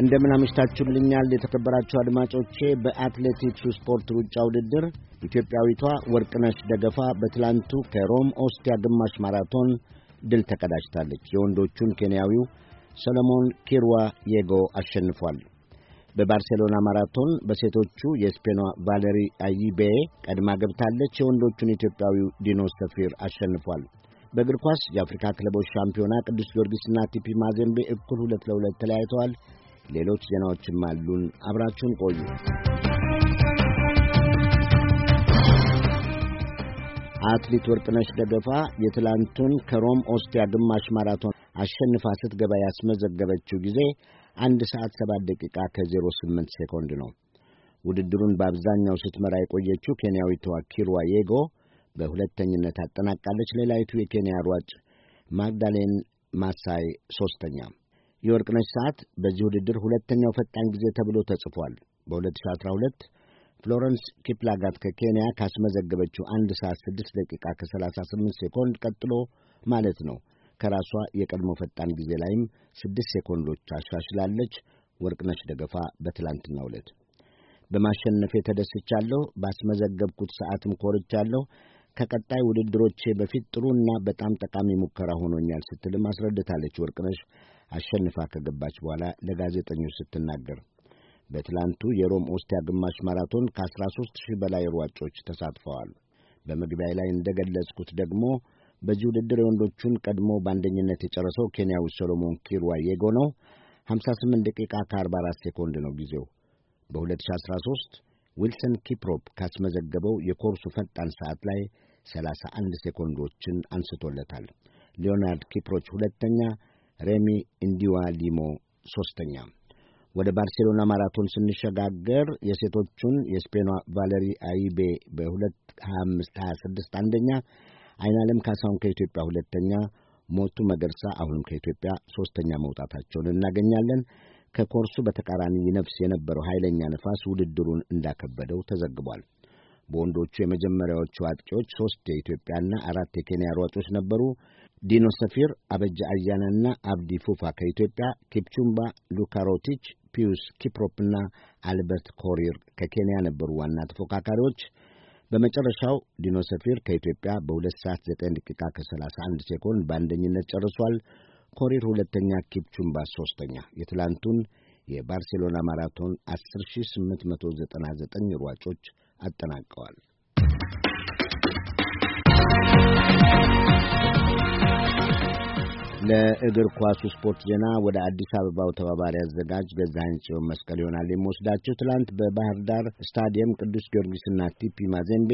እንደምን አመሽታችሁልኛል የተከበራችሁ አድማጮቼ። በአትሌቲክሱ ስፖርት ሩጫ ውድድር ኢትዮጵያዊቷ ወርቅነሽ ደገፋ በትላንቱ ከሮም ኦስቲያ ግማሽ ማራቶን ድል ተቀዳጅታለች። የወንዶቹን ኬንያዊው ሰለሞን ኪርዋ የጎ አሸንፏል። በባርሴሎና ማራቶን በሴቶቹ የስፔኗ ቫሌሪ አይቤ ቀድማ ገብታለች። የወንዶቹን ኢትዮጵያዊው ዲኖ ሰፊር አሸንፏል። በእግር ኳስ የአፍሪካ ክለቦች ሻምፒዮና ቅዱስ ጊዮርጊስና ቲፒ ማዜምቤ እኩል ሁለት ለሁለት ተለያይተዋል። ሌሎች ዜናዎችም አሉን። አብራችሁን ቆዩ። አትሌት ወርቅነሽ ደገፋ የትላንቱን ከሮም ኦስቲያ ግማሽ ማራቶን አሸንፋ ስትገባ ያስመዘገበችው ጊዜ አንድ ሰዓት ሰባት ደቂቃ ከዜሮ ስምንት ሴኮንድ ነው። ውድድሩን በአብዛኛው ስትመራ የቆየችው ኬንያዊቷ ኪርዋ የጎ በሁለተኝነት አጠናቃለች። ሌላይቱ የኬንያ ሯጭ ማግዳሌን ማሳይ ሦስተኛ። የወርቅነሽ ሰዓት በዚህ ውድድር ሁለተኛው ፈጣን ጊዜ ተብሎ ተጽፏል። በ2012 ፍሎረንስ ኪፕላጋት ከኬንያ ካስመዘገበችው አንድ ሰዓት 6 ደቂቃ ከ38 ሴኮንድ ቀጥሎ ማለት ነው። ከራሷ የቀድሞ ፈጣን ጊዜ ላይም 6 ሴኮንዶች አሻሽላለች። ወርቅነሽ ደገፋ በትላንትና ዕለት በማሸነፌ ተደስቻለሁ፣ ባስመዘገብኩት ሰዓትም ኮርቻለሁ። ከቀጣይ ውድድሮቼ በፊት ጥሩና በጣም ጠቃሚ ሙከራ ሆኖኛል ስትልም አስረድታለች። ወርቅነሽ አሸንፋ ከገባች በኋላ ለጋዜጠኞች ስትናገር በትላንቱ የሮም ኦስቲያ ግማሽ ማራቶን ከ13 ሺህ በላይ ሯጮች ተሳትፈዋል። በመግቢያ ላይ እንደገለጽኩት ደግሞ በዚህ ውድድር የወንዶቹን ቀድሞ በአንደኝነት የጨረሰው ኬንያዊ ሶሎሞን የጎ ነው። 58 ደቂቃ ከ44 ሴኮንድ ነው ጊዜው። በ2013 ዊልሰን ኪፕሮፕ ካስመዘገበው የኮርሱ ፈጣን ሰዓት ላይ 31 ሴኮንዶችን አንስቶለታል። ሊዮናርድ ኪፕሮች ሁለተኛ፣ ሬሚ እንዲዋ ሊሞ ሦስተኛ። ወደ ባርሴሎና ማራቶን ስንሸጋገር የሴቶቹን የስፔኗ ቫለሪ አይቤ በ ሀያ አምስት ሀያ አንደኛ፣ አይናለም ካሳሁን ከኢትዮጵያ ሁለተኛ፣ ሞቱ መገርሳ አሁንም ከኢትዮጵያ ሦስተኛ መውጣታቸውን እናገኛለን። ከኮርሱ በተቃራኒ ይነፍስ የነበረው ኃይለኛ ነፋስ ውድድሩን እንዳከበደው ተዘግቧል። በወንዶቹ የመጀመሪያዎቹ አጥቂዎች ሦስት የኢትዮጵያና አራት የኬንያ ሯጮች ነበሩ። ዲኖ ሰፊር፣ አበጀ አያናና አብዲ ፉፋ ከኢትዮጵያ፣ ኪፕቹምባ ሉካሮቲች፣ ፒዩስ ኪፕሮፕና አልበርት ኮሪር ከኬንያ ነበሩ ዋና ተፎካካሪዎች። በመጨረሻው ዲኖ ሰፊር ከኢትዮጵያ በ2 ሰዓት 9 ደቂቃ ከ31 ሴኮንድ በአንደኝነት ጨርሷል። ኮሪር ሁለተኛ፣ ኪፕቹምባ ሦስተኛ። የትላንቱን የባርሴሎና ማራቶን 10899 ሯጮች አጠናቀዋል። ለእግር ኳሱ ስፖርት ዜና ወደ አዲስ አበባው ተባባሪ አዘጋጅ ገዛኸኝ ጽዮን መስቀል ይሆናል የሚወስዳቸው። ትላንት በባህር ዳር ስታዲየም ቅዱስ ጊዮርጊስና ቲፒ ማዜምቤ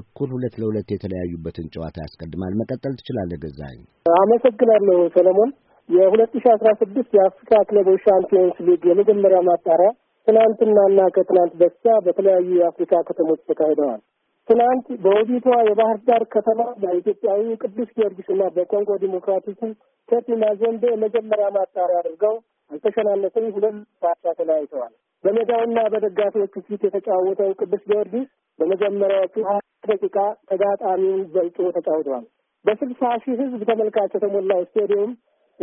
እኩል ሁለት ለሁለት የተለያዩበትን ጨዋታ ያስቀድማል። መቀጠል ትችላለህ ገዛኸኝ። አመሰግናለሁ ሰለሞን። የሁለት ሺ አስራ ስድስት የአፍሪካ ክለቦች ሻምፒዮንስ ሊግ የመጀመሪያ ማጣሪያ ትናንትናና ከትናንት በስቲያ በተለያዩ የአፍሪካ ከተሞች ተካሂደዋል። ትናንት በውቢቷ የባህር ዳር ከተማ በኢትዮጵያዊ ቅዱስ ጊዮርጊስና በኮንጎ ዲሞክራቲኩ ቴፒና ዜምቤ መጀመሪያ ማጣሪያ አድርገው አልተሸናነትም፣ ሁለት ባቻ ተለያይተዋል። በሜዳውና በደጋፊዎቹ ፊት የተጫወተው ቅዱስ ጊዮርጊስ በመጀመሪያዎቹ ደቂቃ ተጋጣሚውን በልጦ ተጫውተዋል። በስልሳ ሺህ ሕዝብ ተመልካች የተሞላው ስቴዲየም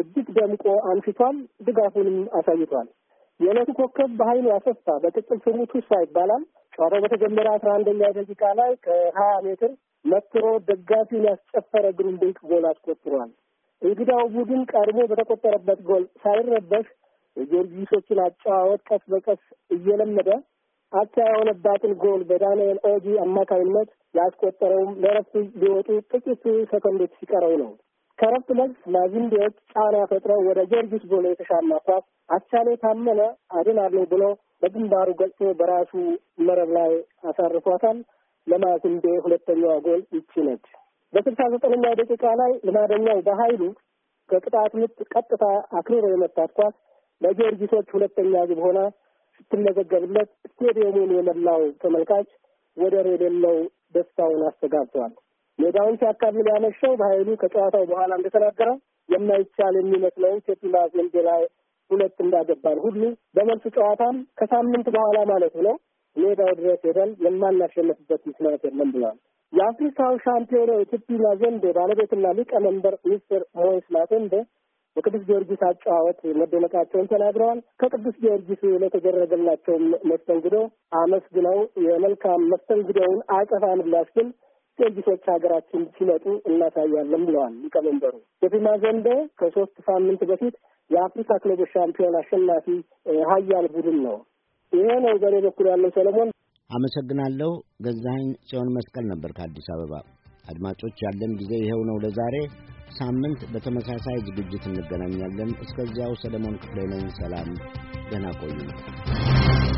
እጅግ ደምቆ አንፊቷል። ድጋፉንም አሳይቷል። የዕለቱ ኮከብ በኃይሉ አሰፋ በቅጽል ስሙ ቱሳ ይባላል። ጨዋታው በተጀመረ አስራ አንደኛ ደቂቃ ላይ ከሀያ ሜትር መትሮ ደጋፊውን ያስጨፈረ ግሩም ድንቅ ጎል አስቆጥሯል። እንግዳው ቡድን ቀድሞ በተቆጠረበት ጎል ሳይረበሽ የጊዮርጊሶችን አጨዋወት ቀስ በቀስ እየለመደ አቻ የሆነባትን ጎል በዳንኤል ኦጂ አማካኝነት ያስቆጠረውም ለረፍት ሊወጡ ጥቂት ሰከንዶች ሲቀረው ነው። ከረፍት መልስ ማዝንቤዎች ጫና ፈጥረው ወደ ጊዮርጊስ ጎል የተሻማ ኳስ አቻሌ ታመነ አድናለሁ ብሎ በግንባሩ ገጭቶ በራሱ መረብ ላይ አሳርፏታል። ለማዝንዴ ሁለተኛዋ ጎል ይቺ ነች። በስልሳ ዘጠነኛ ደቂቃ ላይ ልማደኛው በኃይሉ ከቅጣት ምት ቀጥታ አክርሮ የመታት ኳስ ለጊዮርጊሶች ሁለተኛ ግብ ሆና ስትመዘገብለት ስቴዲየሙን የመላው ተመልካች ወደር የሌለው ደስታውን አስተጋብተዋል። ሜዳውን ሲያካፍል ያመሸው በኃይሉ ከጨዋታው በኋላ እንደተናገረው የማይቻል የሚመስለውን ሴቱና ዜምቤ ላይ ሁለት እንዳገባን ሁሉ በመልሱ ጨዋታም ከሳምንት በኋላ ማለት ነው ሜዳው ድረስ ሄደን የማናሸነፍበት ምክንያት የለም ብለዋል። የአፍሪካው ሻምፒዮናው የቲፒና ዘንዴ ባለቤትና ሊቀመንበር ሚስተር ሞይስ ማቴንዴ በቅዱስ ጊዮርጊስ አጨዋወት መደነቃቸውን ተናግረዋል። ከቅዱስ ጊዮርጊስ ለተደረገላቸው መስተንግዶ አመስግነው የመልካም መስተንግዶውን አጸፋ ምላሽ ግን ጤጊቶች ሀገራችን ሲመጡ እናሳያለን ብለዋል ሊቀመንበሩ። የፊማ ዘንበ ከሶስት ሳምንት በፊት የአፍሪካ ክለቦች ሻምፒዮን አሸናፊ ሀያል ቡድን ነው። ይሄ ነው በእኔ በኩል ያለው። ሰለሞን አመሰግናለሁ። ገዛኸኝ ጽዮን መስቀል ነበር ከአዲስ አበባ። አድማጮች ያለን ጊዜ ይኸው ነው ለዛሬ። ሳምንት በተመሳሳይ ዝግጅት እንገናኛለን። እስከዚያው ሰለሞን ክፍሌ ነኝ። ሰላም፣ ደህና ቆዩ።